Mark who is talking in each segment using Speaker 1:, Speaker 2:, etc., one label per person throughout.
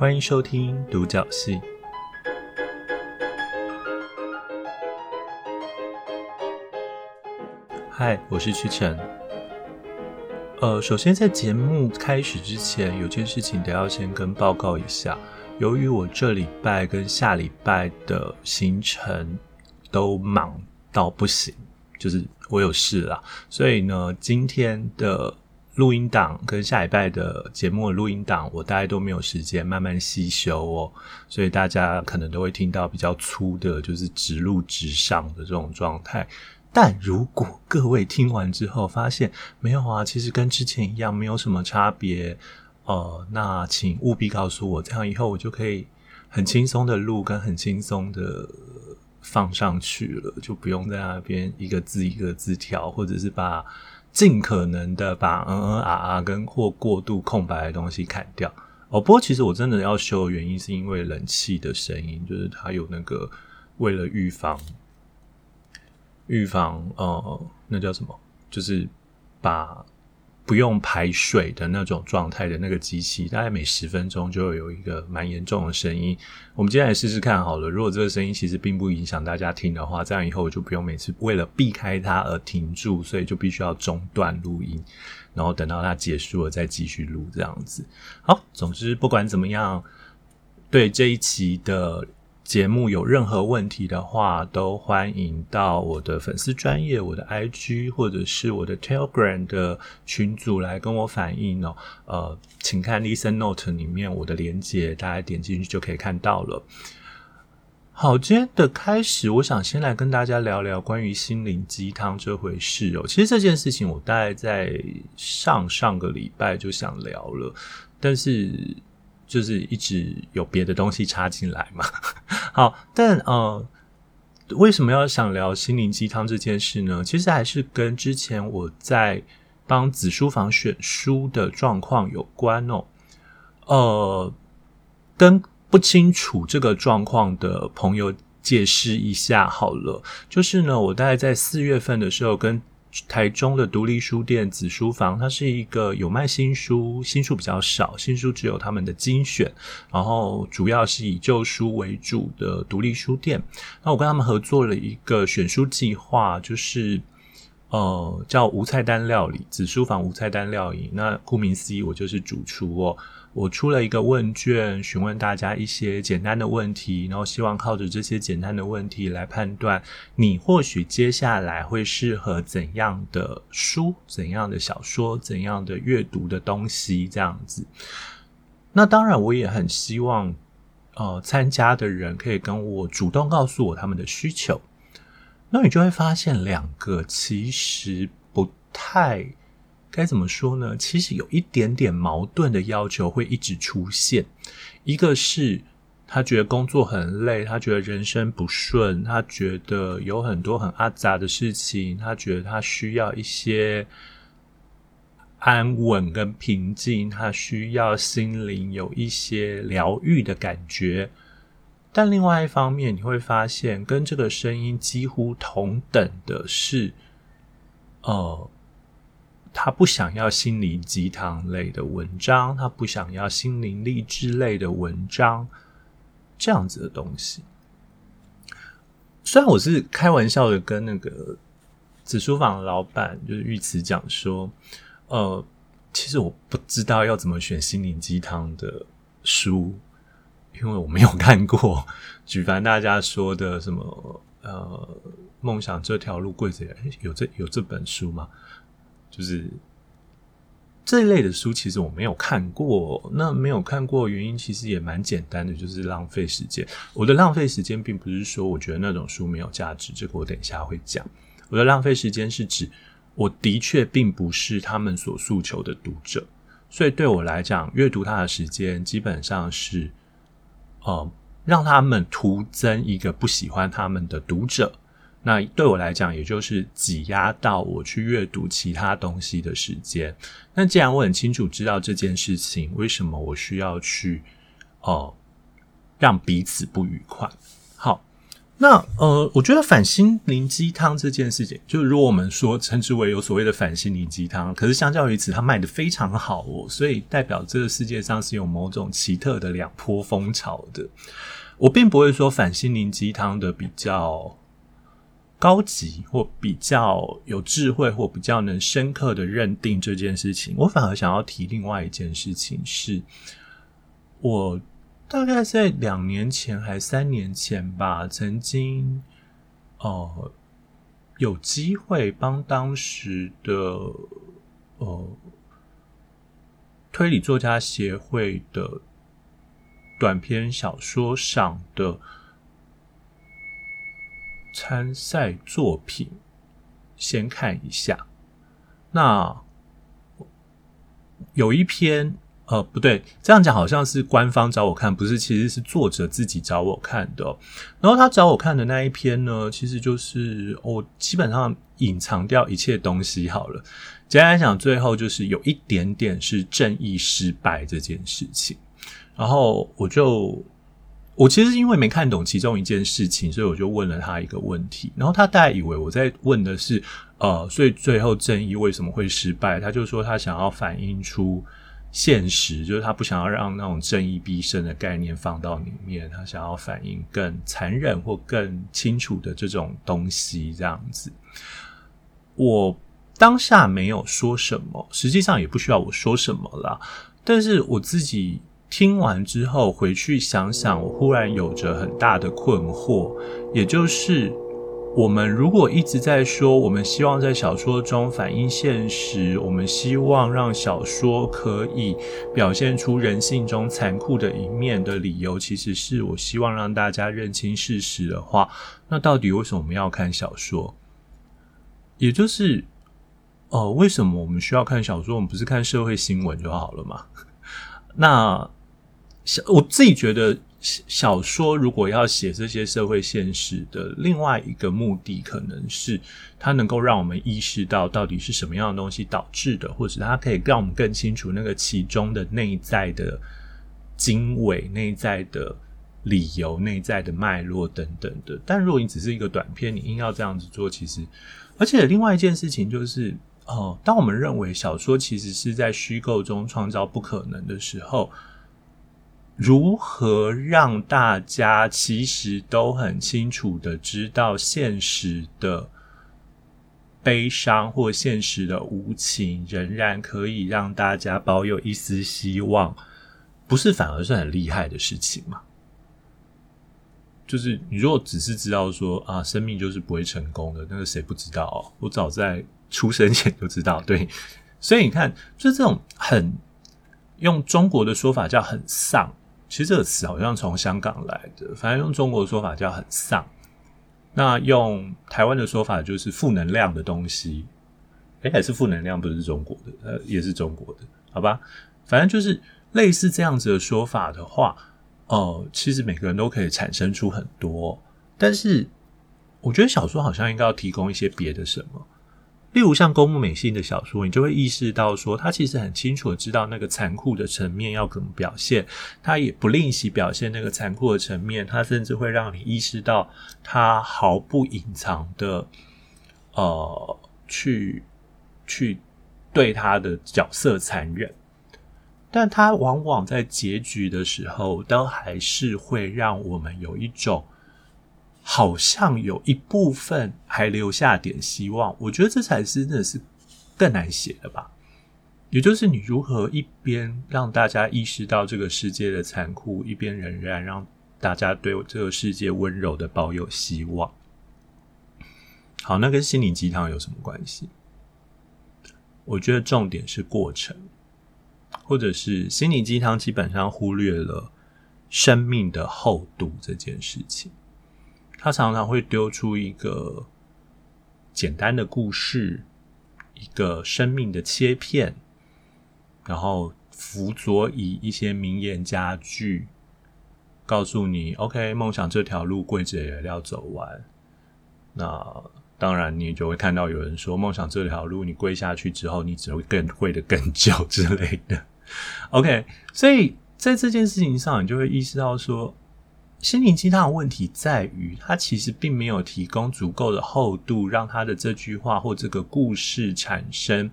Speaker 1: 歡迎收聽《讀角戲》。嗨，我是曲晨。呃，首先在節目開始之前，有件事情得要先跟報告一下。由於我這禮拜跟下禮拜的行程都忙到不行，就是我有事啦，所以呢，今天的錄音檔跟下禮拜的節目錄音檔，我大概都沒有時間慢慢細修哦，所以大家可能都會聽到比較粗的，就是直錄直上的這種狀態。但如果各位聽完之後發現沒有啊，其實跟之前一樣沒有什麼差別，呃，那請務必告訴我，這樣以後我就可以很輕鬆的錄跟很輕鬆的放上去了，就不用在那邊一個字一個字調，或者是把。盡可能的把嗯嗯啊啊跟或過度空白的東西砍掉，哦。不過其實我真的要修的原因是因為冷氣的聲音，就是它有那個為了預防預防呃，那叫什麼？就是把。不用排水的那種狀態的那個機器，大概每十分鐘就會有一個蠻嚴重的聲音。我們接下來試試看好了，如果這個聲音其實並不影響大家聽的話，這樣以後我就不用每次為了避開它而停住，所以就必須要中斷錄音，然後等到它結束了再繼續錄這樣子。好，總之不管怎麼樣，對這一期的。節目有任何問題的話，都歡迎到我的粉絲專頁、我的 IG 或者是我的 Telegram 的群組來跟我反映哦。呃，請看 Listen Note 裡面我的連結，大家點進去就可以看到了。好，今天的開始，我想先來跟大家聊聊關於心靈雞湯這回事哦。其實這件事情，我大概在上上個禮拜就想聊了，但是就是一直有別的東西插進來嘛。好，但呃，為什麼要想聊心靈雞湯這件事呢？其實還是跟之前我在幫子書房選書的狀況有關哦。呃，跟不清楚這個狀況的朋友解釋一下好了。就是呢，我大概在四月份的時候跟。台中的獨立書店紫書房，它是一個有賣新書，新書比較少，新書只有他們的精選，然後主要是以舊書為主的獨立書店。那我跟他們合作了一個選書計劃，就是呃叫無菜單料理，紫書房無菜單料理。那顧名思義，我就是主廚哦。我出了一個問卷，詢問大家一些簡單的問題，然後希望靠着這些簡單的問題來判斷你或許接下來會適合怎樣的書、怎樣的小說、怎樣的閱讀的東西這樣子。那當然，我也很希望，呃，參加的人可以跟我主動告訴我他們的需求。那你就會發現兩個其實不太。該怎麼說呢？其實有一點點矛盾的要求會一直出現。一個是他覺得工作很累，他覺得人生不順，他覺得有很多很阿雜的事情，他覺得他需要一些安穩跟平靜，他需要心靈有一些療癒的感覺。但另外一方面，你會發現跟這個聲音幾乎同等的是，呃，他不想要心靈雞湯類的文章，他不想要心靈勵志類的文章，這樣子的東西。雖然我是開玩笑的，跟那個紫書房的老闆就是玉慈講說，呃，其實我不知道要怎麼選心靈雞湯的書，因為我沒有看過舉凡大家說的什麼，呃，夢想這條路跪著、欸、有這有這本書嗎？就是這一類的書，其實我沒有看過。那沒有看過原因，其實也蠻簡單的，就是浪費時間。我的浪費時間，並不是說我覺得那種書沒有價值，這個我等一下會講。我的浪費時間是指，我的確並不是他們所訴求的讀者，所以對我來講，閱讀他的時間，基本上是，呃，讓他們徒增一個不喜歡他們的讀者。那對我來講，也就是擠壓到我去閱讀其他東西的時間。那既然我很清楚知道這件事情，為什麼我需要去哦、呃、讓彼此不愉快？好，那呃，我覺得反心靈雞湯這件事情，就是如果我們說稱之為有所謂的反心靈雞湯，可是相較於此，它賣得非常好哦，所以代表這個世界上是有某種奇特的兩波風潮的。我並不會說反心靈雞湯的比較。高級或比較有智慧，或比較能深刻的認定這件事情，我反而想要提另外一件事情是，我大概在兩年前還三年前吧，曾經呃有機會幫當時的呃推理作家協會的短篇小說上的，參賽作品，先看一下。那有一篇，呃，不對，這樣講好像是官方找我看，不是，其實是作者自己找我看的哦。然後他找我看的那一篇呢，其實就是我、哦、基本上隱藏掉一切東西好了。簡單來講，最後就是有一點點是正義失敗這件事情，然後我就。我其實因為沒看懂其中一件事情，所以我就問了他一個問題。然後他大概以為我在問的是，呃，所以最後正義為什麼會失敗？他就說他想要反映出現實，就是他不想要讓那種正義必勝的概念放到裡面，他想要反映更殘忍或更清楚的這種東西這樣子。我當下沒有說什麼，實際上也不需要我說什麼啦。但是我自己。聽完之後回去想想，我忽然有着很大的困惑，也就是我們如果一直在說我們希望在小說中反映現實，我們希望讓小說可以表現出人性中殘酷的一面的理由，其實是我希望讓大家認清事實的話，那到底為什麼我們要看小說？也就是，哦、呃，為什麼我們需要看小說？我們不是看社會新聞就好了嘛？那。我自己覺得，小說如果要寫這些社會現實的，另外一個目的可能是，它能夠讓我們意識到到底是什麼樣的東西導致的，或者它可以讓我們更清楚那個其中的內在的經緯、內在的理由、內在的脈絡等等的。但如果你只是一個短片，你硬要這樣子做，其實，而且另外一件事情就是，哦、呃，當我們認為小說其實是在虛構中創造不可能的時候。如何讓大家其實都很清楚的知道現實的悲傷或現實的無情，仍然可以讓大家保有一絲希望，不是反而算很厲害的事情嗎？就是你如果只是知道說啊，生命就是不會成功的，那個誰不知道哦？我早在出生前就知道，對，所以你看，就這種很用中國的說法叫很喪。其實這個詞好像從香港來的，反正用中國的說法叫很喪。那用台灣的說法就是負能量的東西。哎、欸，還是負能量不是中國的？呃，也是中國的，好吧？反正就是類似這樣子的說法的話，哦、呃，其實每個人都可以產生出很多。但是我覺得小說好像應該要提供一些別的什麼。例如像宮部美幸的小說，你就會意識到說，他其實很清楚知道那個殘酷的層面要怎麼表現，他也不吝惜表現那個殘酷的層面，他甚至會讓你意識到他毫不隱藏的，呃，去去對他的角色殘忍，但他往往在結局的時候，都還是會讓我們有一種。好像有一部分還留下點希望，我覺得這才是真的是更難寫的吧。也就是你如何一邊讓大家意識到這個世界的殘酷，一邊仍然，然讓大家對這個世界溫柔的抱有希望。好，那跟心靈雞湯有什麼關係？我覺得重點是過程，或者是心靈雞湯基本上忽略了生命的厚度這件事情。他常常會丟出一個簡單的故事，一個生命的切片，然後輔佐以一些名言佳句，告訴你：“OK，夢想這條路跪着也要走完。”那，那當然，你就會看到有人說：“夢想這條路你跪下去之後，你只會更跪得更久之類的。”OK，所以在這件事情上，你就會意識到說，心靈雞湯的問題在於，他其實並沒有提供足夠的厚度，讓他的這句話或這個故事產生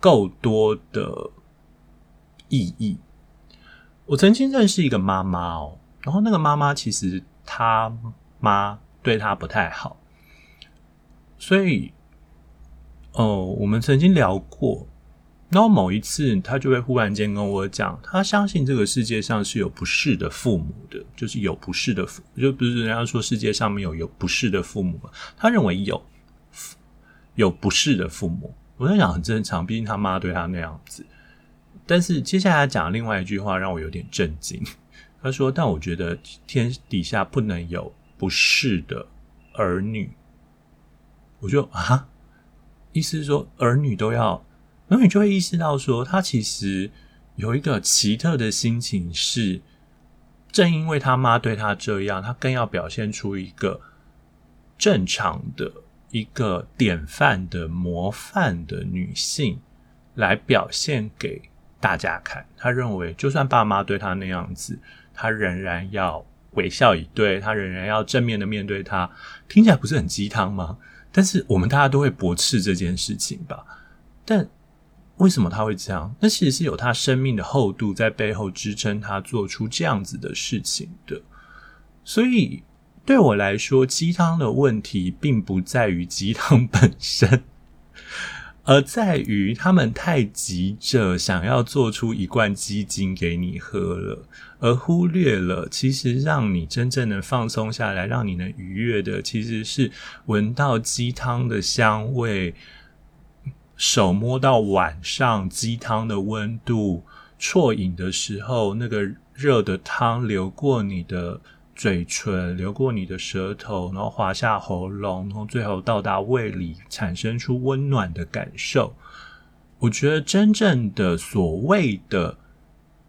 Speaker 1: 夠多的意義。我曾經認識一個媽媽哦，然後那個媽媽其實她媽對她不太好，所以，哦，我們曾經聊過。然後某一次，他就會忽然間跟我講，他相信這個世界上是有不是的父母的，就是有不是的父，就不是人家說世界上沒有有不是的父母嗎？他認為有，有不是的父母。我在想很正常，畢竟他媽對他那樣子。但是接下來他講了另外一句話讓我有點震驚，他說：“但我覺得天底下不能有不是的兒女。”我就啊，意思是說兒女都要。那、嗯、你就會意識到說，說她其實有一個奇特的心情，是正因為她媽對她這樣，她更要表現出一個正常的一個典範的模範的女性來表現給大家看。她認為，就算爸媽對她那樣子，她仍然要微笑以對，她仍然要正面的面對她。聽起來不是很雞湯嗎？但是我們大家都會駁斥這件事情吧，但。為什麼他會這樣？那其實是有他生命的厚度在背後支撐他做出這樣子的事情的。所以對我來說，雞湯的問題並不在於雞湯本身，而在於他們太急着想要做出一罐雞精給你喝了，而忽略了其實讓你真正能放鬆下來、讓你能愉悅的，其實是聞到雞湯的香味。手摸到碗上雞湯的溫度，啜飲的時候，那個熱的湯流過你的嘴唇，流過你的舌頭，然後滑下喉嚨，然後最後到達胃裡，產生出溫暖的感受。我覺得，真正的所謂的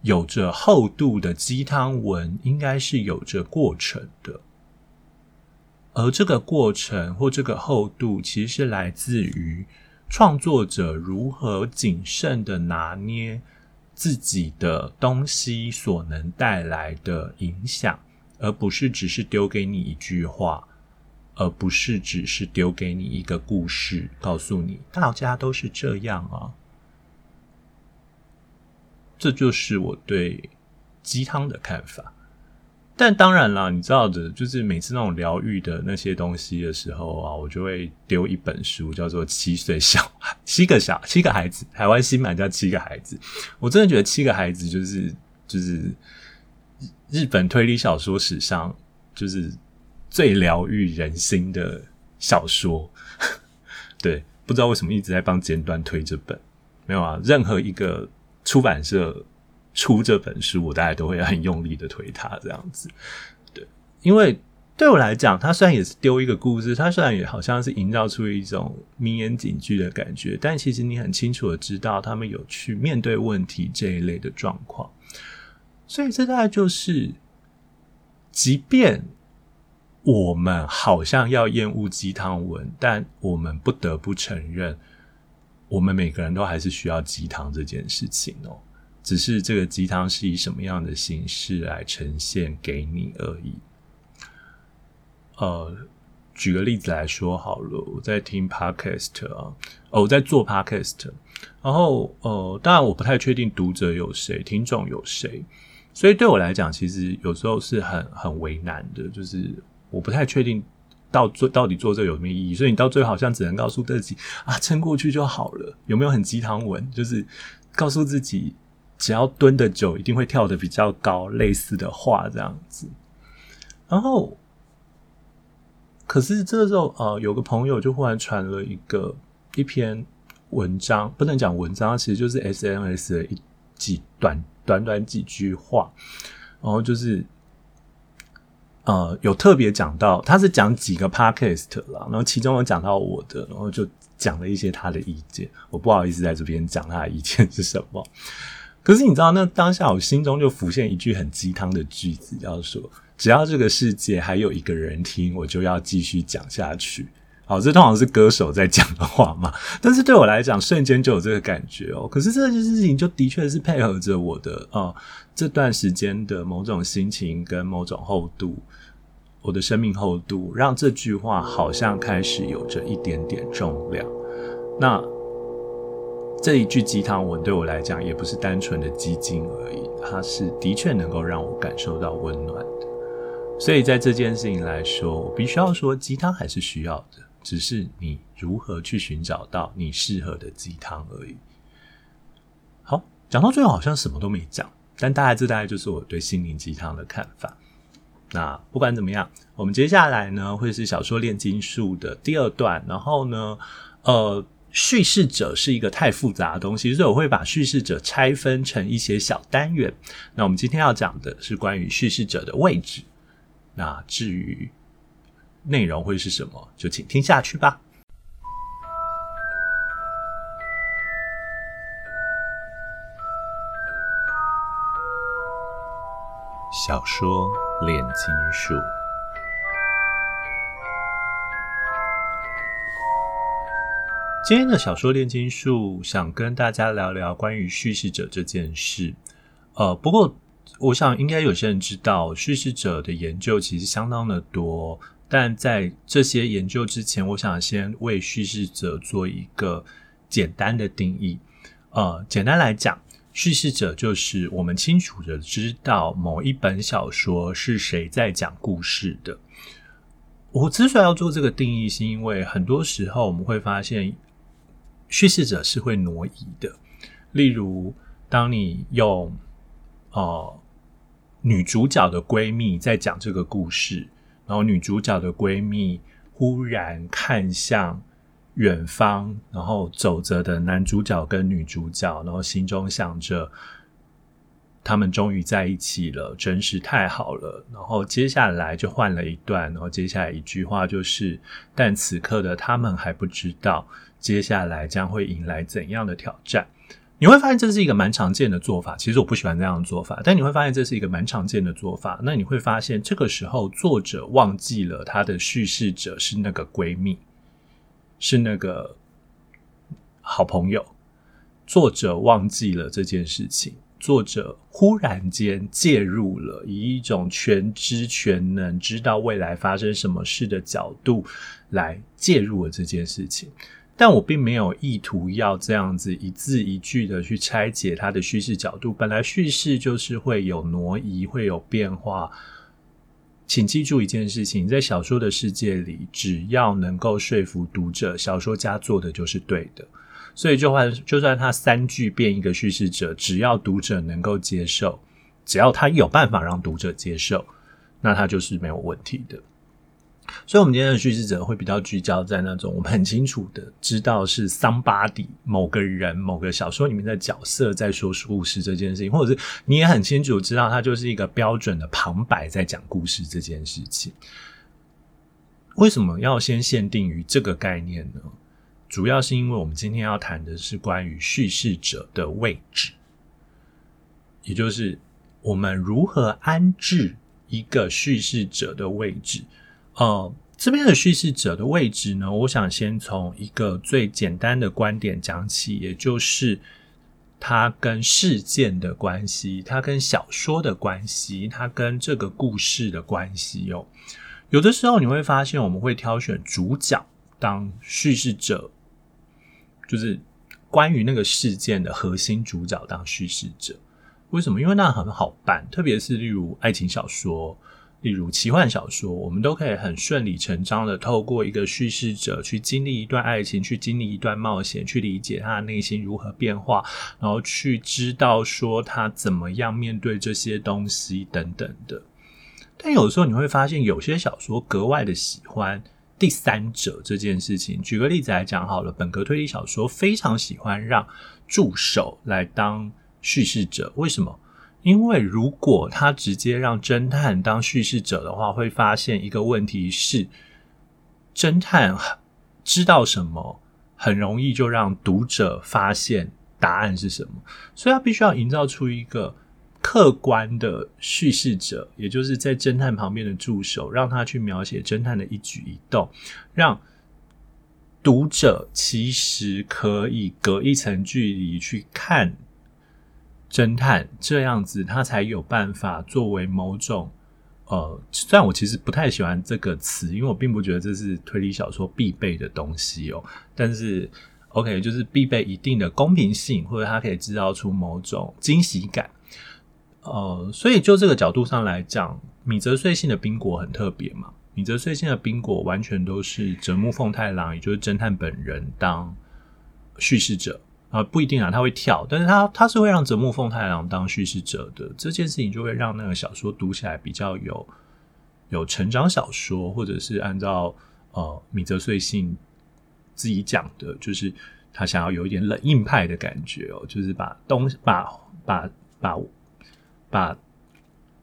Speaker 1: 有着厚度的雞湯文，應該是有着過程的，而這個過程或這個厚度，其實是來自於。創作者如何謹慎的拿捏自己的東西所能帶來的影響，而不是只是丟給你一句話，而不是只是丟給你一個故事告，告訴你大家都是這樣啊。這就是我對雞湯的看法。但當然啦，你知道的，就是每次那種療癒的那些東西的時候啊，我就會丟一本書，叫做《七歲小孩》、《七個小》、《七個孩子》。台灣新版叫《七個孩子》，我真的覺得《七個孩子》就是就是日本推理小說史上就是最療癒人心的小說。 對，不知道為什麼一直在幫尖端推這本，沒有啊？任何一個出版社。出這本書，我大概都會很用力的推它，這樣子，對，因為對我來講，它雖然也是丟一個故事，它雖然也好像是營造出一種名言警句的感覺，但其實你很清楚的知道，他們有去面對問題這一類的狀況，所以這大概就是，即便我們好像要厭惡雞湯文，但我們不得不承認，我們每個人都還是需要雞湯這件事情哦。只是這個雞湯是以什麼樣的形式來呈現給你而已。呃，舉個例子來說好了，我在聽 podcast 啊，哦、我在做 podcast，然後呃，當然我不太確定讀者有誰，聽眾有誰，所以對我來講，其實有時候是很很為難的，就是我不太確定到最到底做這有什麼意義，所以你到最後好像只能告訴自己啊，撐過去就好了，有沒有很雞湯文？就是告訴自己。只要蹲的久，一定會跳的比較高。類似的話這樣子，然後，可是這個時候，呃，有個朋友就忽然傳了一個一篇文章，不能講文章，其實就是 SNS 的一幾短短短幾句話，然後就是，呃，有特別講到，他是講幾個 podcast 啦，然後其中有講到我的，然後就講了一些他的意見，我不好意思在這邊講他的意見是什麼。可是你知道，那當下我心中就浮現一句很雞湯的句子，叫做只要這個世界還有一個人聽，我就要繼續講下去。好、哦，這通常是歌手在講的話嘛。但是對我來講，瞬間就有這個感覺哦。可是這件事情就的確是配合着我的，呃，這段時間的某種心情跟某種厚度，我的生命厚度，讓這句話好像開始有着一點點重量。那。這一句雞湯文對我來講，也不是單純的雞精而已，它是的確能夠讓我感受到溫暖的。所以在這件事情來說，我必須要說雞湯還是需要的，只是你如何去尋找到你適合的雞湯而已。好，講到最後好像什麼都沒講，但大概這大概就是我對心靈雞湯的看法。那不管怎麼樣，我們接下來呢會是小說煉金術的第二段，然後呢，呃。敘事者是一個太複雜的東西，所以我會把敘事者拆分成一些小單元。那我們今天要講的是關於敘事者的位置。那至於內容會是什麼，就請聽下去吧。小說《煉金術》。今天的小說煉金術想跟大家聊聊關於敘事者這件事。呃，不過我想應該有些人知道敘事者的研究其實相當的多。但在這些研究之前，我想先為敘事者做一個簡單的定義。呃，簡單來講，敘事者就是我們清楚的知道某一本小說是誰在講故事的。我之所以要做這個定義，是因為很多時候我們會發現。敘事者是會挪移的，例如當你用，呃，女主角的閨蜜在講這個故事，然後女主角的閨蜜忽然看向遠方，然後走着的男主角跟女主角，然後心中想着。他們終於在一起了，真是太好了。然後接下來就換了一段，然後接下來一句話就是：但此刻的他們還不知道，接下來將會迎來怎樣的挑戰。你會發現這是一個蠻常見的做法，其實我不喜歡這樣的做法。但你會發現這是一個蠻常見的做法。那你會發現，這個時候作者忘記了他的敘事者是那個閨蜜，是那個好朋友。作者忘記了這件事情。作者忽然間介入了，以一種全知全能、知道未來發生什麼事的角度來介入了這件事情。但我並沒有意圖要這樣子一字一句的去拆解它的敘事角度。本來敘事就是會有挪移、會有變化。請記住一件事情：在小說的世界裡，只要能夠說服讀者，小說家做的就是對的。所以，就算就算他三句變一個敘事者，只要讀者能夠接受，只要他有辦法讓讀者接受，那他就是沒有問題的。所以，我們今天的敘事者會比較聚焦在那種我們很清楚的知道的是 somebody，某個人，某個小說裡面的角色在說故事這件事情，或者是你也很清楚知道他就是一個標準的旁白在講故事這件事情。為什麼要先限定於這個概念呢？主要是因為我們今天要談的是關於敘事者的位置，也就是我們如何安置一個敘事者的位置。呃，這邊的敘事者的位置呢，我想先從一個最簡單的觀點講起，也就是它跟事件的關係，它跟小說的關係，它跟這個故事的關係。哦，有的時候你會發現，我們會挑選主角當敘事者。就是關於那個事件的核心主角當敘事者，為什麼？因為那很好辦，特別是例如愛情小說、例如奇幻小說，我們都可以很順理成章的透過一個敘事者去經歷一段愛情，去經歷一段冒險，去理解他的內心如何變化，然後去知道說他怎麼樣面對這些東西等等的。但有時候你會發現，有些小說格外的喜歡。第三者這件事情，舉個例子來講好了。本格推理小說非常喜歡讓助手來當敘事者，為什麼？因為如果他直接讓偵探當敘事者的話，會發現一個問題是，偵探知道什麼，很容易就讓讀者發現答案是什麼，所以他必須要營造出一個。客觀的敘事者，也就是在偵探旁邊的助手，讓他去描寫偵探的一舉一動，讓讀者其實可以隔一層距離去看偵探，這樣子他才有辦法作為某種呃，雖然我其實不太喜歡這個詞，因為我並不覺得這是推理小說必備的東西哦。但是，OK，就是必備一定的公平性，或者它可以制造出某種驚喜感。呃，所以就這個角度上來講，米澤穗信的《冰果》很特別嘛。米澤穗信的《冰果》完全都是折木奉太郎，也就是偵探本人當敘事者啊，不一定啊，他會跳，但是他他是會讓折木奉太郎當敘事者的這件事情，就會讓那個小說讀起來比較有有成長小說，或者是按照呃米澤穗信自己講的，就是他想要有一點冷硬派的感覺哦，就是把東把把把。把把把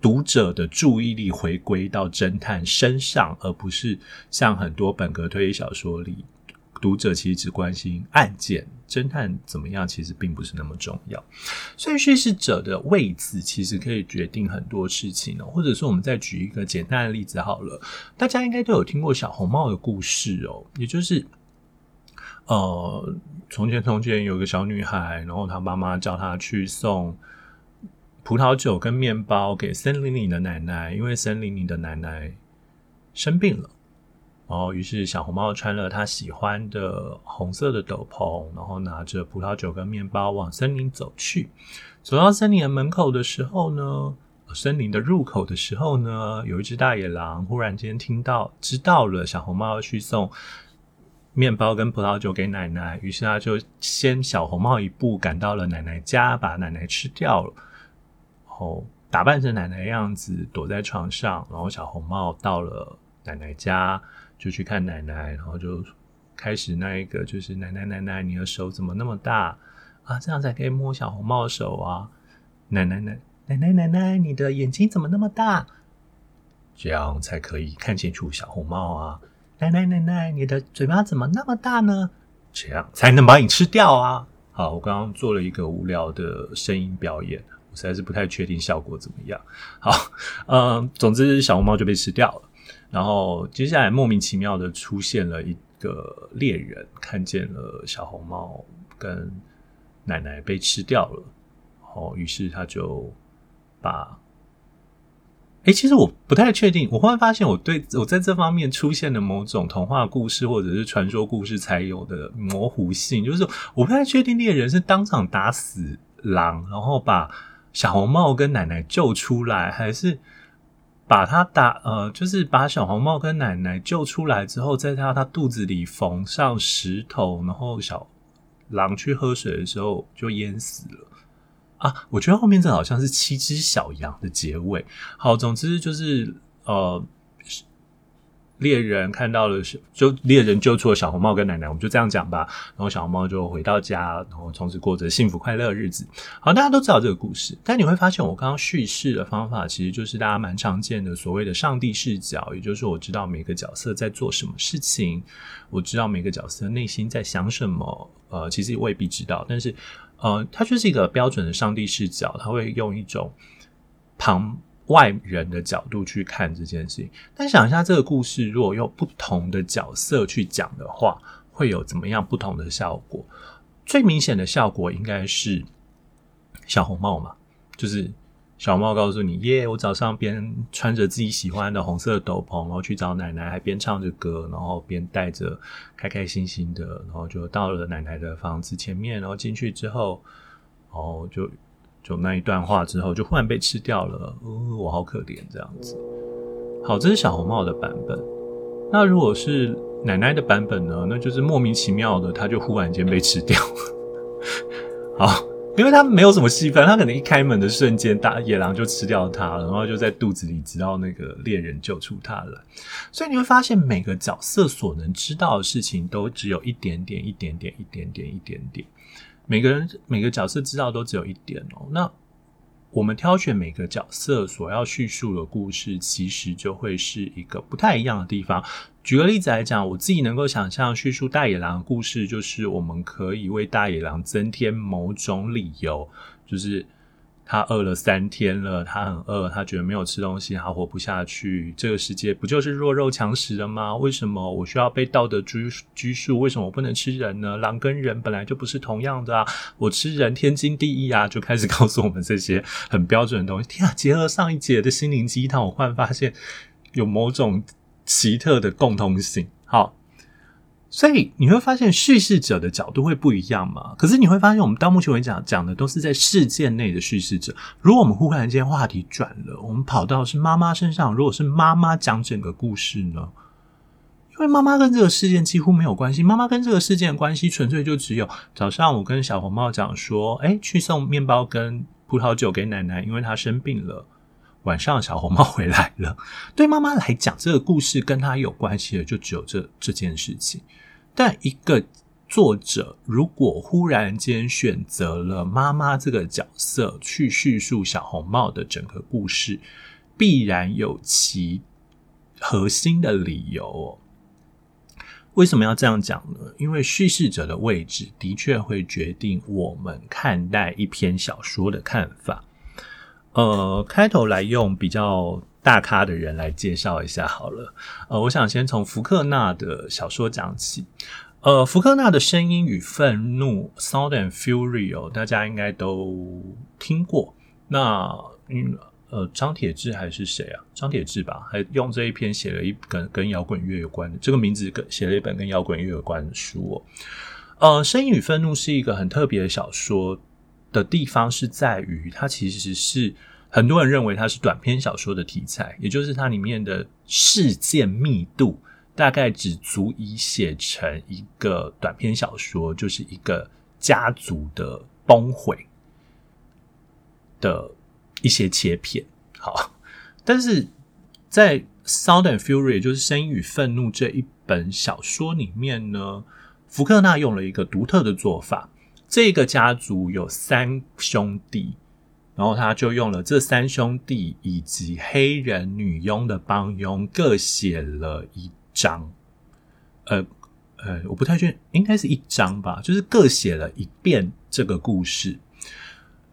Speaker 1: 讀者的注意力回歸到偵探身上，而不是像很多本格推理小說裡，讀者其實只關心案件，偵探怎麼樣其實並不是那麼重要。所以敘事者的位置其實可以決定很多事情哦。或者說，我們再舉一個簡單的例子好了，大家應該都有聽過小紅帽的故事哦，也就是，呃，從前從前有個小女孩，然後她媽媽叫她去送。葡萄酒跟面包給森林裡的奶奶，因為森林裡的奶奶生病了。然後，於是小紅帽穿了她喜歡的紅色的斗篷，然後拿着葡萄酒跟面包往森林走去。走到森林的門口的時候呢，森林的入口的時候呢，有一只大野狼忽然間聽到，知道了小紅帽要去送面包跟葡萄酒給奶奶，於是他就先小紅帽一步趕到了奶奶家，把奶奶吃掉了。然後打扮成奶奶的樣子，躲在床上。然後小紅帽到了奶奶家，就去看奶奶。然後就開始那一個，就是奶奶，奶奶，你的手怎麼那麼大啊？這樣才可以摸小紅帽的手啊。奶奶奶奶奶奶奶，你的眼睛怎麼那麼大？這樣才可以看清楚小紅帽啊。奶奶，奶奶，你的嘴巴怎麼那麼大呢？這樣才能把你吃掉啊。好，我剛剛做了一個無聊的聲音表演。我實在是不太確定效果怎麼樣。好，嗯，總之小紅帽就被吃掉了。然後接下來莫名其妙的出現了一個獵人，看見了小紅帽跟奶奶被吃掉了。哦，於是他就把……哎、欸，其實我不太確定。我忽然發現，我對我在這方面出現了某種童話故事或者是傳說故事才有的模糊性，就是我不太確定獵人是當場打死狼，然後把。小紅帽跟奶奶救出來，還是把他打？呃，就是把小紅帽跟奶奶救出來之後，在他他肚子裡縫上石頭，然後小狼去喝水的時候就淹死了啊。我覺得後面這好像是七隻小羊的結尾。好，總之就是呃。獵人看到了，就獵人救出了小紅帽跟奶奶，我們就這樣講吧。然後小紅帽就回到家，然後從此過着幸福快樂的日子。好，大家都知道這個故事，但你會發現我剛剛敘事的方法其實就是大家蠻常見的所謂的上帝視角，也就是我知道每個角色在做什麼事情，我知道每個角色內心在想什麼。呃，其實未必知道，但是呃，它就是一個標準的上帝視角，它會用一種旁。外人的角度去看這件事情，但想一下這個故事，如果用不同的角色去講的話，會有怎麼樣不同的效果？最明顯的效果應該是小紅帽嘛，就是小紅帽告訴你：“耶，我早上邊穿着自己喜歡的紅色斗篷，然後去找奶奶，還邊唱着歌，然後邊帶着開開心心的，然後就到了奶奶的房子前面，然後進去之後，然後就。”有那一段話之後，就忽然被吃掉了。哦、呃，我好可憐，這樣子。好，這是小紅帽的版本。那如果是奶奶的版本呢？那就是莫名其妙的，他就忽然間被吃掉了。 好，因為他沒有什麼戲份，他可能一開門的瞬間，大野狼就吃掉他了，然後就在肚子裡，直到那個獵人救出他來。所以你會發現，每個角色所能知道的事情，都只有一點點，一點點，一點點，一點點。每個人，每個角色知道都只有一點哦，那我們挑選每個角色所要敘述的故事，其實就會是一個不太一樣的地方。舉個例子來講，我自己能夠想象敘述大野狼的故事，就是我們可以為大野狼增添某種理由，就是。他餓了三天了，他很餓，他覺得沒有吃東西，他活不下去。這個世界不就是弱肉強食了嗎？為什麼我需要被道德拘拘束？為什麼我不能吃人呢？狼跟人本來就不是同樣的啊，我吃人天經地義啊，就開始告訴我們這些很標準的東西。天啊，結合上一節的心靈雞湯，我忽然發現有某種奇特的共同性。好。所以你會發現敘事者的角度會不一樣嘛？可是你會發現，我們到目前為止講，講的都是在事件內的敘事者。如果我們忽然間話題轉了，我們跑到是媽媽身上，如果是媽媽講整個故事呢？因為媽媽跟這個事件幾乎沒有關係，媽媽跟這個事件的關係純粹就只有早上我跟小紅帽講說，哎、欸，去送麵包跟葡萄酒給奶奶，因為她生病了。晚上小紅帽回來了，對媽媽來講，這個故事跟她有關係的就只有這這件事情。但一個作者如果忽然間選擇了媽媽這個角色去敘述小紅帽的整個故事，必然有其核心的理由喔。為什麼要這樣講呢？因為敘事者的位置的確會決定我們看待一篇小說的看法。呃，開頭來用比較大咖的人來介紹一下好了，呃，我想先從福克納的小說講起，呃，福克納的聲音與憤怒 Sound and Fury 哦，大家應該都聽過。那，嗯、呃，張鐵志還是誰啊？張鐵志吧，還用這一篇寫了一本跟搖滾樂有關的，這個名字跟寫了一本跟搖滾樂有關的書哦。呃，聲音與憤怒是一個很特別的小說的地方，是在於它其實是。很多人認為它是短篇小說的題材，也就是它裡面的事件密度大概只足以寫成一個短篇小說，就是一個家族的崩毀的一些切片。好，但是在《Sound and Fury》就是《聲音與憤怒》這一本小說裡面呢，福克納用了一個獨特的做法：這個家族有三兄弟。然後他就用了這三兄弟以及黑人女傭的幫傭，各寫了一章，呃呃，我不太確定，應該是一章吧，就是各寫了一遍這個故事。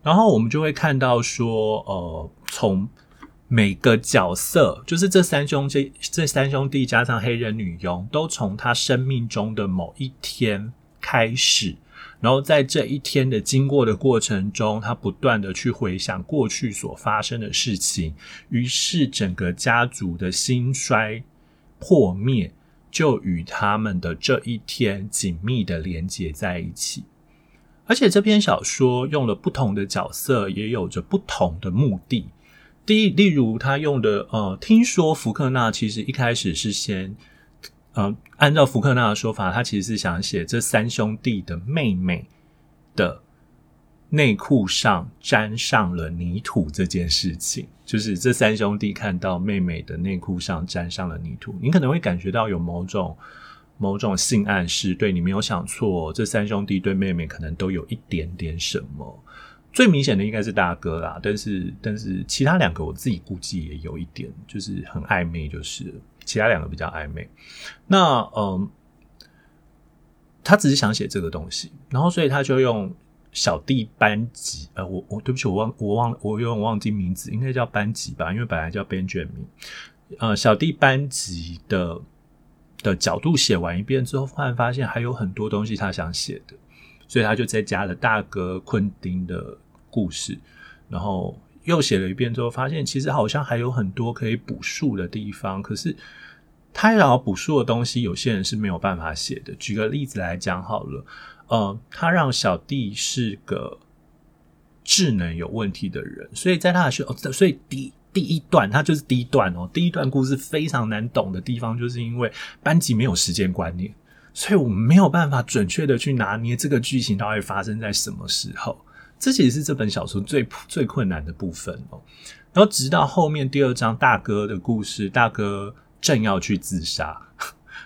Speaker 1: 然後我們就會看到說，呃，從每個角色，就是這三兄、這三兄弟加上黑人女傭，都從他生命中的某一天開始。然後在這一天的經過的過程中，他不斷的去回想過去所發生的事情，於是整個家族的興衰破滅就與他們的這一天緊密的連接在一起。而且這篇小說用了不同的角色，也有着不同的目的。第一，例如他用的，呃，聽說福克納其實一開始是先。嗯，按照福克納的說法，他其實是想寫這三兄弟的妹妹的內褲上沾上了泥土這件事情。就是這三兄弟看到妹妹的內褲上沾上了泥土，你可能會感覺到有某種某種性暗示。對，你沒有想錯，這三兄弟對妹妹可能都有一點點什麼。最明顯的應該是大哥啦，但是但是其他兩個我自己估計也有一點，就是很曖昧，就是。其他兩個比較曖昧，那嗯、呃，他只是想寫這個東西，然後所以他就用小弟班吉，呃，我我對不起，我忘我忘了，我有點忘記名字，應該叫班吉吧，因為本來叫 Benjamin，呃，小弟班吉的的角度寫完一遍之後，突然發現還有很多東西他想寫的，所以他就再加了大哥昆丁的故事，然後。又寫了一遍之後，發現其實好像還有很多可以補述的地方。可是他要補述的東西，有些人是沒有辦法寫的。舉個例子來講好了，呃，他讓小弟是個智能有問題的人，所以在他的學，哦、所以第一第一段他就是第一段哦。第一段故事非常難懂的地方，就是因為班級沒有時間觀念，所以我們沒有辦法準確的去拿捏這個劇情到底發生在什麼時候。這其實是這本小說最最困難的部分哦，然後直到後面第二章大哥的故事，大哥正要去自殺，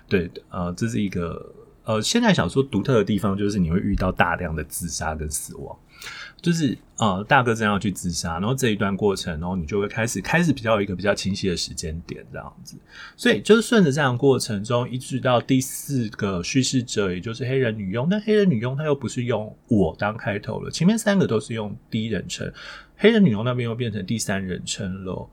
Speaker 1: 對，呃，這是一個呃，現代小說獨特的地方，就是你會遇到大量的自殺跟死亡。就是呃，大哥正要去自殺，然後這一段過程，然後你就會開始開始比較有一個比較清晰的時間點這樣子，所以就是順着這樣過程中，一直到第四個敘事者，也就是黑人女傭。但黑人女傭她又不是用我當開頭了，前面三個都是用第一人稱，黑人女傭那邊又變成第三人稱了。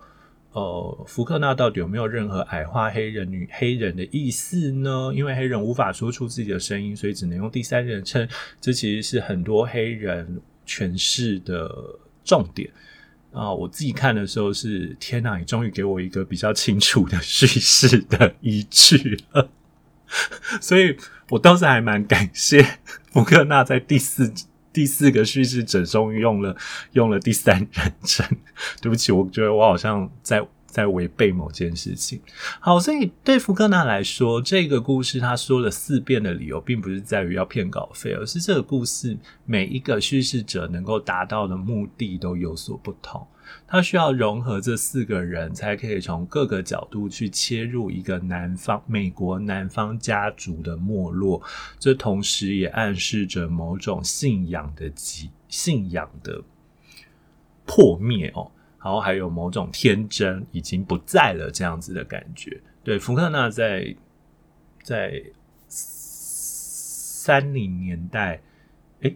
Speaker 1: 呃，福克納到底有沒有任何矮化黑人女黑人的意思呢？因為黑人無法說出自己的聲音，所以只能用第三人稱。這其實是很多黑人。詮釋的重點啊。我自己看的時候是天哪，你終於給我一個比較清楚的敘事的依據了，所以我倒是還蠻感謝福克納在第四第四個敘事者中用了用了第三人稱。對不起，我覺得我好像在，在違背某件事情。好，所以對福克納來說，這個故事他說了四遍的理由，並不是在於要騙稿費，而是這個故事每一個敘事者能夠達到的目的都有所不同。他需要融合這四個人，才可以從各個角度去切入一個南方、美國南方家族的沒落。這同時也暗示着某種信仰的即、信仰的破滅哦。然後還有某種天真已經不在了這樣子的感覺。對，福克納在在三零年代，哎，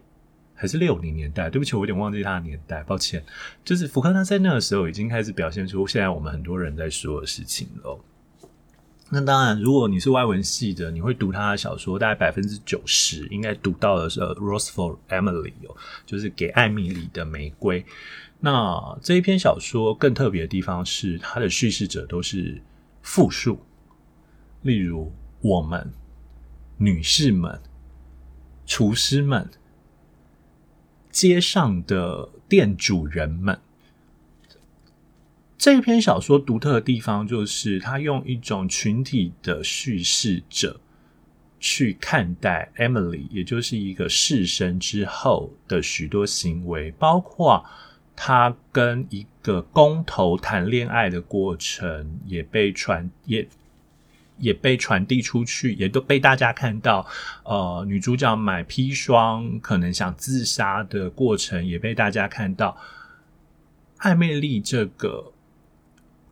Speaker 1: 還是六零年代？對不起，我有點忘記他的年代，抱歉。就是福克納在那個時候已經開始表現出現在我們很多人在說的事情了。那當然，如果你是外文系的，你會讀他的小說，大概百分之九十應該讀到的是、呃《Rose for Emily》哦，就是給艾米麗的玫瑰。那這一篇小說更特別的地方是，它的敘事者都是複數，例如我們、女士們、廚師們、街上的店主人們。這一篇小說獨特的地方就是，他用一種群體的敘事者去看待 Emily，也就是一個侍神之後的許多行為，包括。他跟一個工頭談戀愛的過程也被傳，也也被傳遞出去，也都被大家看到。呃，女主角買砒霜可能想自殺的過程也被大家看到。艾蜜莉這個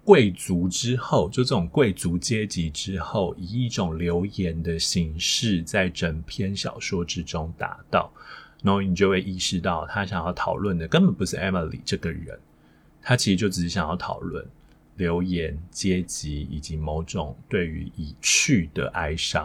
Speaker 1: 貴族之後，就這種貴族階級之後，以一種流言的形式，在整篇小說之中達到。然後你就會意識到，他想要討論的根本不是 Emily 這個人，他其實就只是想要討論流言、階級以及某種對於已去的哀傷。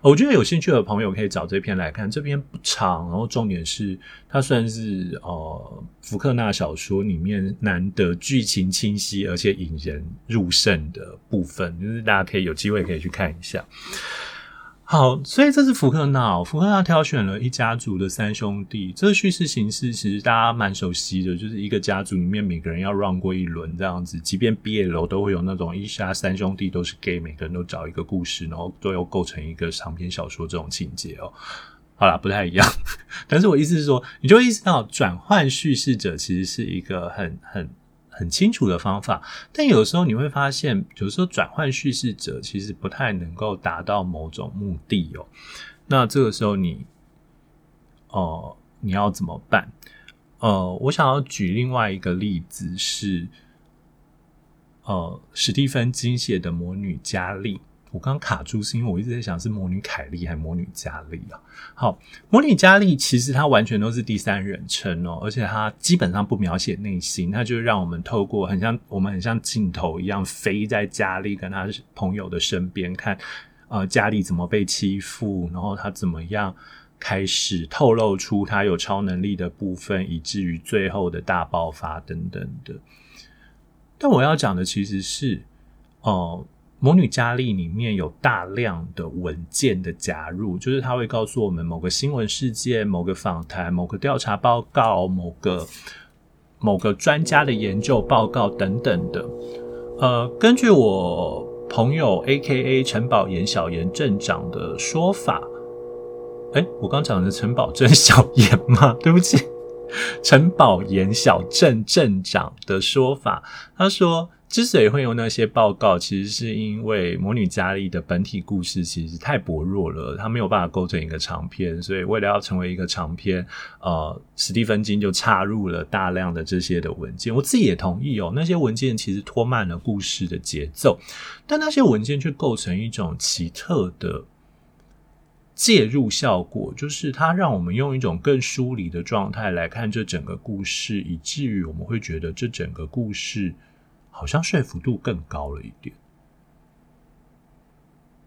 Speaker 1: 哦，我覺得有興趣的朋友可以找這篇來看，這篇不長，然後重點是它算是呃福克納小說裡面難得劇情清晰而且引人入勝的部分，就是大家可以有機會可以去看一下。好，所以這是福克納哦，福克納挑選了一家族的三兄弟，這個敘事形式其實大家蠻熟悉的，就是一個家族裡面每個人要 run 過一輪這樣子，即便畢業樓都會有那種一家三兄弟都是 gay，每個人都找一個故事，然後都有構成一個長篇小說這種情節哦。好啦，不太一樣， 但是我意思是說，你就意識到轉換敘事者其實是一個很很。很清楚的方法，但有時候你會發現，有時候轉換敘事者其實不太能夠達到某種目的哦、喔。那這個時候你，呃，你要怎麼辦？呃，我想要舉另外一個例子是，呃，史蒂芬金寫的《魔女嘉莉》。我剛剛卡住是因為我一直在想是魔女凱莉還是魔女嘉莉啊？好，魔女嘉莉其實她完全都是第三人稱哦，而且她基本上不描寫內心，她就讓我們透過很像我們很像鏡頭一樣飛在嘉莉跟她朋友的身邊看，呃，嘉莉怎麼被欺負，然後她怎麼樣開始透露出她有超能力的部分，以至於最後的大爆發等等的。但我要講的其實是哦。呃魔女嘉莉裡面有大量的文件的加入，就是他會告訴我們某個新聞事件，某個訪談，某個調查報告，某個某個專家的研究報告等等的。呃，根據我朋友 A.K.A. 陳寶岩小岩鎮長的說法，哎、欸，我剛講的是陳寶珍小顏嗎？對不起，陳寶岩小鎮鎮長的說法，他說。之所以會有那些報告，其實是因為《魔女嘉莉》的本體故事其實太薄弱了，它沒有辦法構成一個長篇。所以為了要成為一個長篇，呃，史蒂芬金就插入了大量的這些的文件。我自己也同意哦，那些文件其實拖慢了故事的節奏，但那些文件卻構成一種奇特的介入效果，就是它讓我們用一種更疏離的狀態來看這整個故事，以至於我們會覺得這整個故事。好像說服度更高了一點，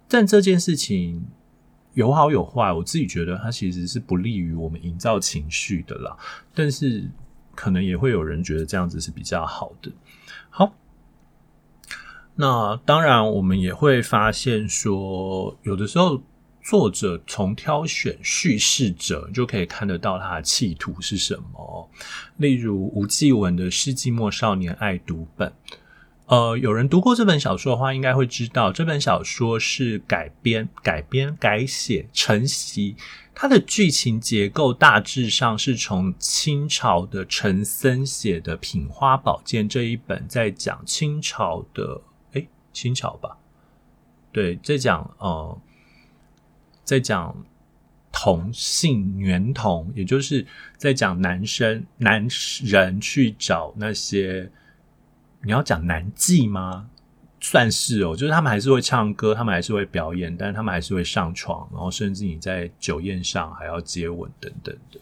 Speaker 1: 但這件事情有好有壞，我自己覺得它其實是不利於我們營造情緒的啦。但是可能也會有人覺得這樣子是比較好的。好，那當然我們也會發現說，有的時候。作者從挑選敘事者就可以看得到他的企圖是什麼。例如吳繼文的《世紀末少年愛讀本》，呃，有人讀過這本小說的話，應該會知道這本小說是改編、改編、改寫、承襲。它的劇情結構大致上是從清朝的陳森寫的《品花寶鑑》這一本，在講清朝的，哎，清朝吧？對，在講呃。在講同性孌童，也就是在講男生男人去找那些，你要講男妓嗎？算是哦，就是他們還是會唱歌，他們還是會表演，但是他們還是會上床，然後甚至你在酒宴上還要接吻等等的，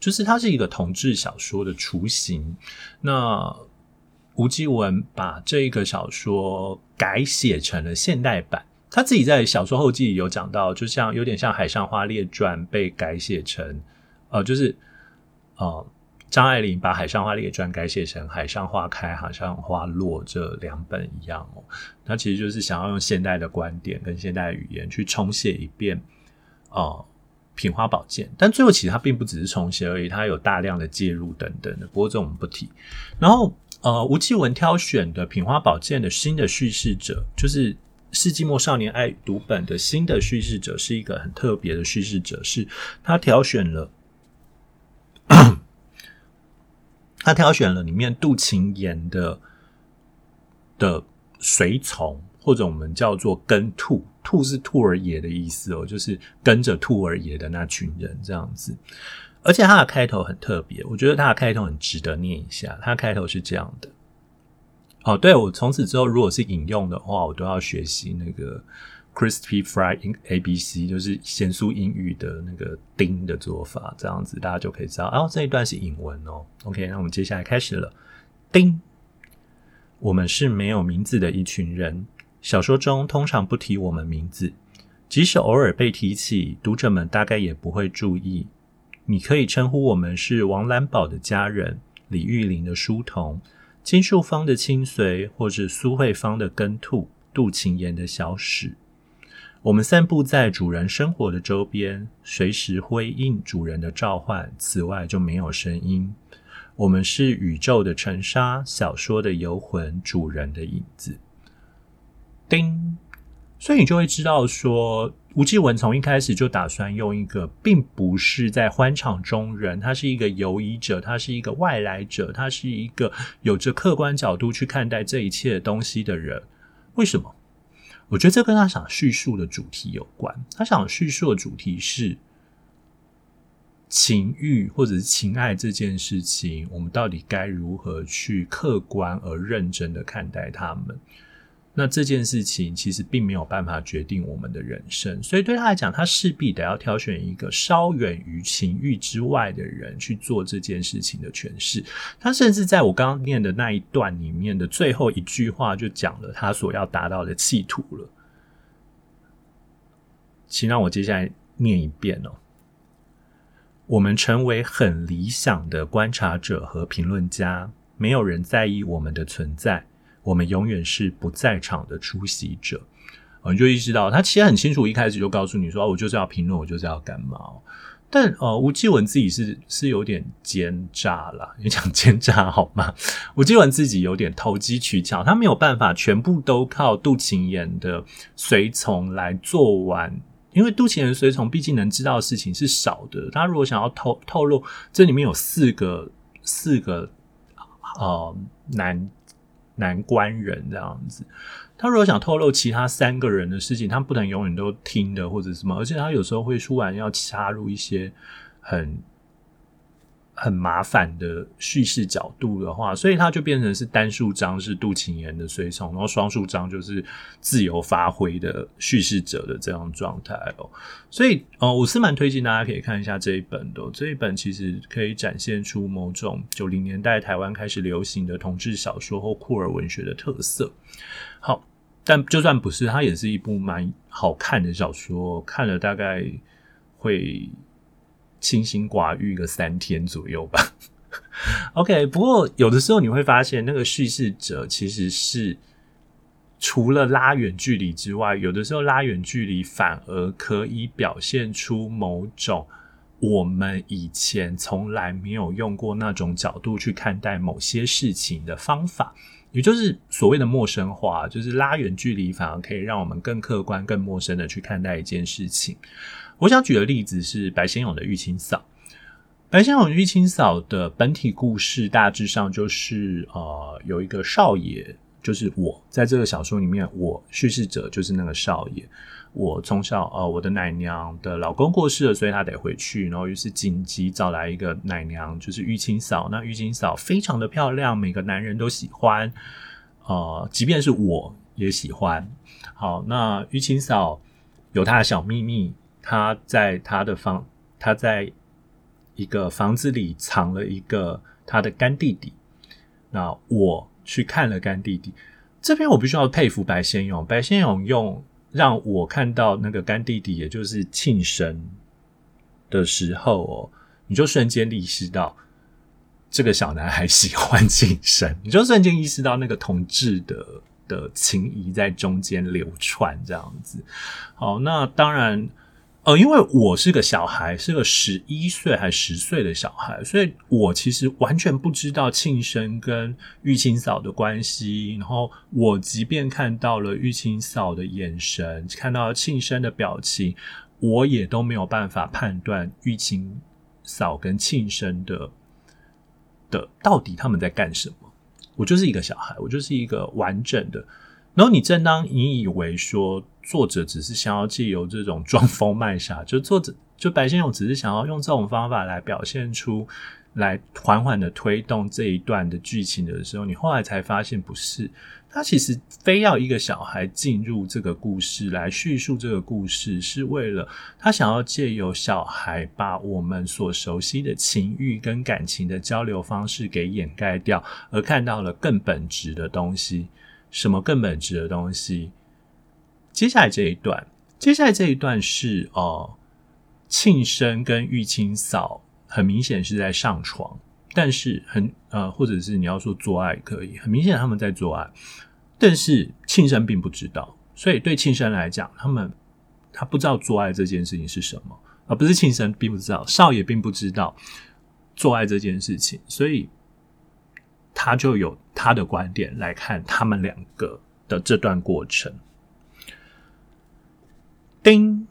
Speaker 1: 就是它是一個同志小說的雛形。那吳繼文把這一個小說改寫成了現代版。他自己在小說後記裡有講到，就像有點像《海上花列傳》被改寫成，呃，就是，呃，張愛玲把海海《海上花列傳》改寫成《海上花開》《海上花落》這兩本一樣哦。他其實就是想要用現代的觀點跟現代語言去重寫一遍《哦、呃、品花寶鑑，但最後其實他並不只是重寫而已，他有大量的介入等等的。不過這我們不提。然後，呃，吳繼文挑選的《品花寶鑑》的新的敘事者就是。《世紀末少年愛讀本》的新的敘事者是一個很特別的敘事者，是他挑選了， 他挑選了裡面杜琴言的的隨從，或者我們叫做跟兔，兔是兔兒爺的意思哦，就是跟着兔兒爺的那群人這樣子。而且他的開頭很特別，我覺得他的開頭很值得念一下。他的開頭是這樣的。哦，對，我從此之後，如果是引用的話，我都要學習那個 Crispy Fried ABC，就是鹹酥英語的那個丁的做法，這樣子大家就可以知道啊、哦、這一段是引文哦。OK，那我們接下來開始了。丁，我們是沒有名字的一群人。小說中通常不提我們名字，即使偶爾被提起，讀者們大概也不會注意。你可以稱呼我們是王藍寶的家人，李玉玲的書童。金樹方的親隨，或是蘇慧芳的根兔，杜琴言的小史。我們散步在主人生活的周邊，隨時回應主人的召喚。此外就沒有聲音。我們是宇宙的塵沙，小說的遊魂，主人的影子。叮，所以你就會知道說。吳繼文從一開始就打算用一個，並不是在歡場中人，他是一個游移者，他是一個外來者，他是一個有着客觀角度去看待這一切東西的人。為什麼？我覺得這跟他想敘述的主題有關。他想敘述的主題是情欲或者是情愛這件事情，我們到底該如何去客觀而認真的看待他們？那這件事情其實並沒有辦法決定我們的人生，所以對他來講，他勢必得要挑選一個稍遠於情欲之外的人去做這件事情的詮釋。他甚至在我剛剛念的那一段裡面的最後一句話，就講了他所要達到的企圖了。請讓我接下來念一遍哦。我們成為很理想的觀察者和評論家，沒有人在意我們的存在。我們永遠是不在場的出席者，我、呃、就意識到他其實很清楚，一開始就告訴你說、啊，我就是要評論，我就是要幹嘛。但呃，吳繼文自己是是有點奸詐了，你講奸詐好嗎？吳繼文自己有點投機取巧，他沒有辦法全部都靠杜晴妍的隨從來做完，因為杜晴妍隨從畢竟能知道的事情是少的。他如果想要透透露，這裡面有四個四個呃男。難關人這樣子，他如果想透露其他三個人的事情，他不能永遠都聽的或者什麼，而且他有時候會突然要插入一些很。很麻煩的敘事角度的話，所以它就變成是單數章是杜晴妍的隨從，然後雙數章就是自由發揮的敘事者的這樣狀態哦。所以，呃，哦，我是蠻推薦大家可以看一下這一本的哦。這一本其實可以展現出某種九零年代台灣開始流行的同志小說或酷兒文學的特色。好，但就算不是，它也是一部蠻好看的小說，看了大概會。清心寡欲個三天左右吧。OK，不過有的時候你會發現，那個敘事者其實是除了拉遠距離之外，有的時候拉遠距離反而可以表現出某種我們以前從來沒有用過那種角度去看待某些事情的方法，也就是所謂的陌生化，就是拉遠距離反而可以讓我們更客觀、更陌生的去看待一件事情。我想舉的例子是白先勇的《玉卿嫂》。白先勇《玉卿嫂》的本體故事大致上就是，呃，有一個少爺，就是我，在這個小說裡面，我敘事者就是那個少爺。我從小，呃，我的奶娘的老公過世了，所以她得回去，然後於是緊急找來一個奶娘，就是玉卿嫂。那玉卿嫂非常的漂亮，每個男人都喜歡，呃，即便是我也喜歡。好，那玉卿嫂有她的小秘密。他在他的房，他在一個房子裡藏了一個他的乾弟弟。那我去看了乾弟弟，這邊我必須要佩服白先勇。白先勇用讓我看到那個乾弟弟，也就是慶生的時候哦，你就瞬間意識到這個小男孩喜歡慶生，你就瞬間意識到那個同志的的情誼在中間流竄這樣子。好，那當然。呃，因為我是個小孩，是個十一歲還是十歲的小孩，所以我其實完全不知道慶生跟玉清嫂的關係。然後我即便看到了玉清嫂的眼神，看到慶生的表情，我也都沒有辦法判斷玉清嫂跟慶生的，的，到底他們在幹什麼。我就是一個小孩，我就是一個完整的。然後你正當你以為說。作者只是想要借由這種裝瘋賣傻，就作者就白先勇只是想要用這種方法來表現出來，來緩緩的推動這一段的劇情的時候，你後來才發現不是。他其實非要一個小孩進入這個故事來敘述這個故事，故事是為了他想要借由小孩把我們所熟悉的情慾跟感情的交流方式給掩蓋掉，而看到了更本質的東西。什麼更本質的東西？接下來這一段，接下來這一段是哦，呃、慶生跟玉卿嫂很明顯是在上床，但是很呃，或者是你要說做愛可以，很明顯他們在做愛，但是慶生並不知道，所以對慶生來講，他們他不知道做愛這件事情是什麼，而、呃、不是慶生並不知道，少爺並不知道做愛這件事情，所以他就有他的觀點來看他們兩個的這段過程。叮，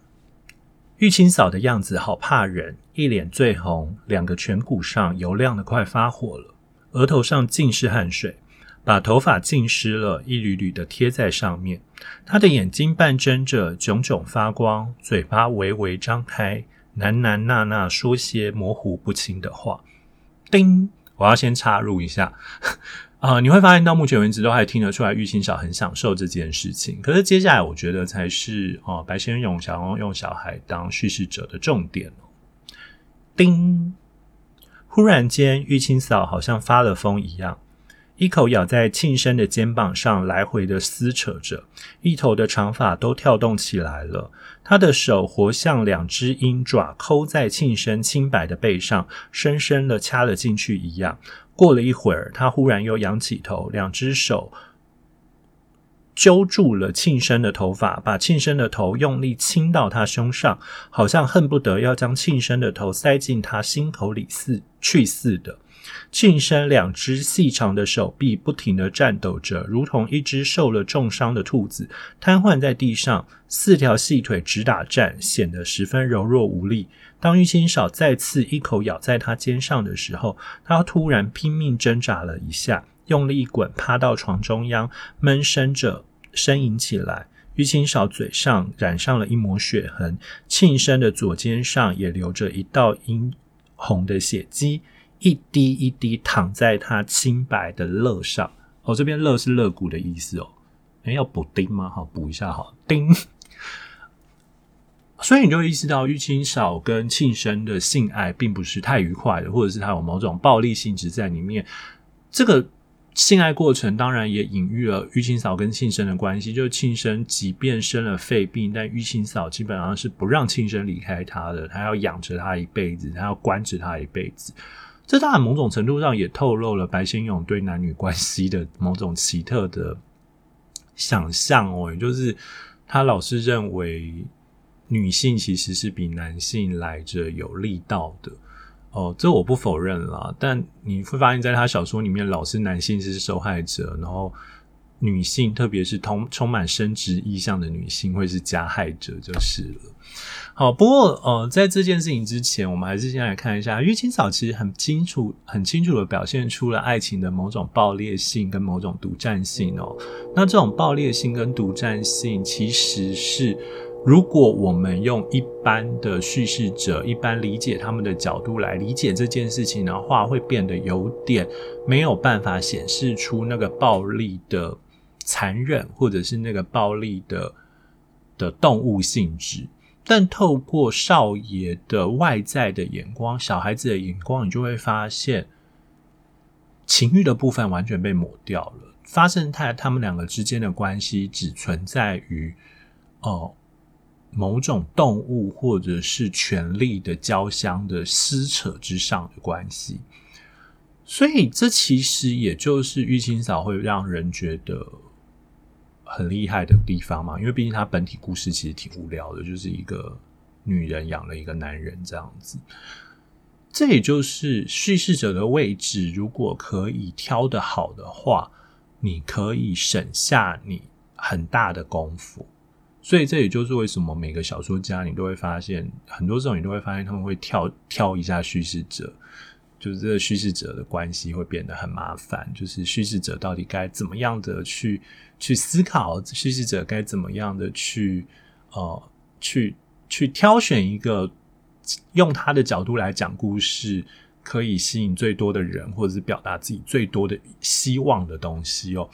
Speaker 1: 玉清嫂的樣子好怕人，一臉醉紅，兩個顴骨上油亮的快發火了，額頭上盡是汗水，把頭髮浸濕了，一縷縷的貼在上面。她的眼睛半睜着，炯炯發光，嘴巴微微張開，喃喃吶吶說些模糊不清的話。叮，我要先插入一下。 啊、呃，你會發現到目前為止都還聽得出來玉卿嫂很享受這件事情。可是接下來，我覺得才是哦、啊，白先勇想要用小孩當敘事者的重點、哦、叮！忽然間，玉卿嫂好像發了瘋一樣，一口咬在慶生的肩膀上，來回的撕扯着，一頭的長髮都跳動起來了。她的手活像兩隻鷹爪，摳在慶生清白的背上，深深的掐了進去一樣。過了一會兒，他忽然又仰起頭，兩只手揪住了慶生的頭髮，把慶生的頭用力親到他胸上，好像恨不得要將慶生的頭塞進他心口裡似去似的。慶生兩只細長的手臂不停地顫抖着，如同一只受了重傷的兔子，癱瘓在地上，四條細腿直打顫，顯得十分柔弱無力。當於清少再次一口咬在他肩上的時候，他突然拼命掙扎了一下，用力一滾，趴到床中央，悶聲着呻吟起來。於清少嘴上染上了一抹血痕，慶生的左肩上也流着一道殷紅的血跡，一滴一滴躺在他清白的肋上。哦，這邊肋是肋骨的意思哦。誒、欸、要補丁嗎？好，補一下哈，丁。所以你就意識到，玉清嫂跟慶生的性愛並不是太愉快的，或者是他有某種暴力性質在裡面。這個性愛過程當然也隱喻了玉清嫂跟慶生的關係，就是慶生即便生了肺病，但玉清嫂基本上是不讓慶生離開他的，他要養着他一輩子，他要關着他一輩子。這當然某種程度上也透露了白先勇對男女關係的某種奇特的想象哦、欸，也就是他老是認為。女性其實是比男性來着有力道的，哦、呃，這我不否認啦。但你會發現在他小說裡面，老是男性是受害者，然後女性，特別是通充滿生殖意象的女性，會是加害者，就是了、嗯。好，不過，呃，在這件事情之前，我們還是先來看一下《玉卿嫂》其實很清楚、很清楚地表現出了愛情的某種爆裂性跟某種獨佔性哦。那這種爆裂性跟獨佔性，其實是。如果我們用一般的敘事者、一般理解他們的角度來理解這件事情的話，會變得有點沒有辦法顯示出那個暴力的殘忍，或者是那個暴力的的動物性質。但透過少爺的外在的眼光、小孩子的眼光，你就會發現情慾的部分完全被抹掉了。發生在他他們兩個之間的關係，只存在於哦。呃某種動物或者是權力的交相的撕扯之上的關係，所以這其實也就是玉卿嫂會讓人覺得很厲害的地方嘛。因為畢竟她本體故事其實挺無聊的，就是一個女人養了一個男人這樣子。這也就是敘事者的位置，如果可以挑得好的話，你可以省下你很大的功夫。所以，這也就是為什麼每個小說家，你都會發現，很多時候你都會發現，他們會跳跳一下敘事者，就是這個敘事者的關係會變得很麻煩。就是敘事者到底該怎麼樣的去去思考，敘事者該怎麼樣的去呃去去挑選一個用他的角度來講故事，可以吸引最多的人，或者是表達自己最多的希望的東西哦。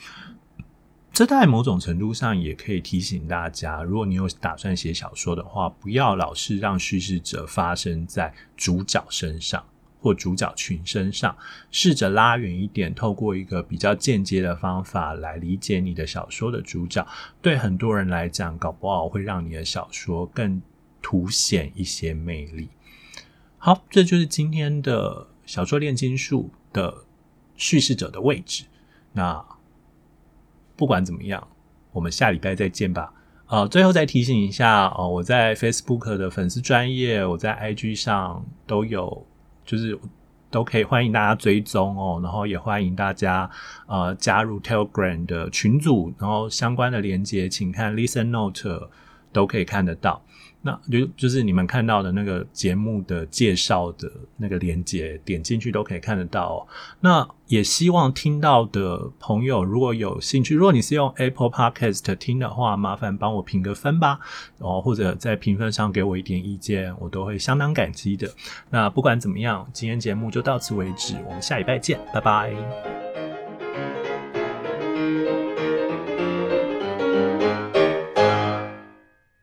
Speaker 1: 這在某種程度上也可以提醒大家：如果你有打算寫小說的話，不要老是讓敘事者發生在主角身上或主角群身上，試着拉遠一點，透過一個比較間接的方法來理解你的小說的主角。對很多人來講，搞不好會讓你的小說更凸顯一些魅力。好，這就是今天的《小說煉金術》的敘事者的位置。那。不管怎麼樣，我們下禮拜再見吧。呃，最後再提醒一下，哦、呃，我在 Facebook 的粉絲專頁，我在 IG 上都有，就是都可以歡迎大家追蹤哦。然後也歡迎大家呃加入 Telegram 的群組，然後相關的連接，請看 Listen Note 都可以看得到。那就就是你們看到的那個節目的介紹的那個連結，點進去都可以看得到哦。那也希望聽到的朋友，如果有興趣，如果你是用 Apple Podcast 聽的話，麻煩幫我評個分吧，然後或者在評分上給我一點意見，我都會相當感激的。那不管怎麼樣，今天節目就到此為止，我們下禮拜見，拜拜。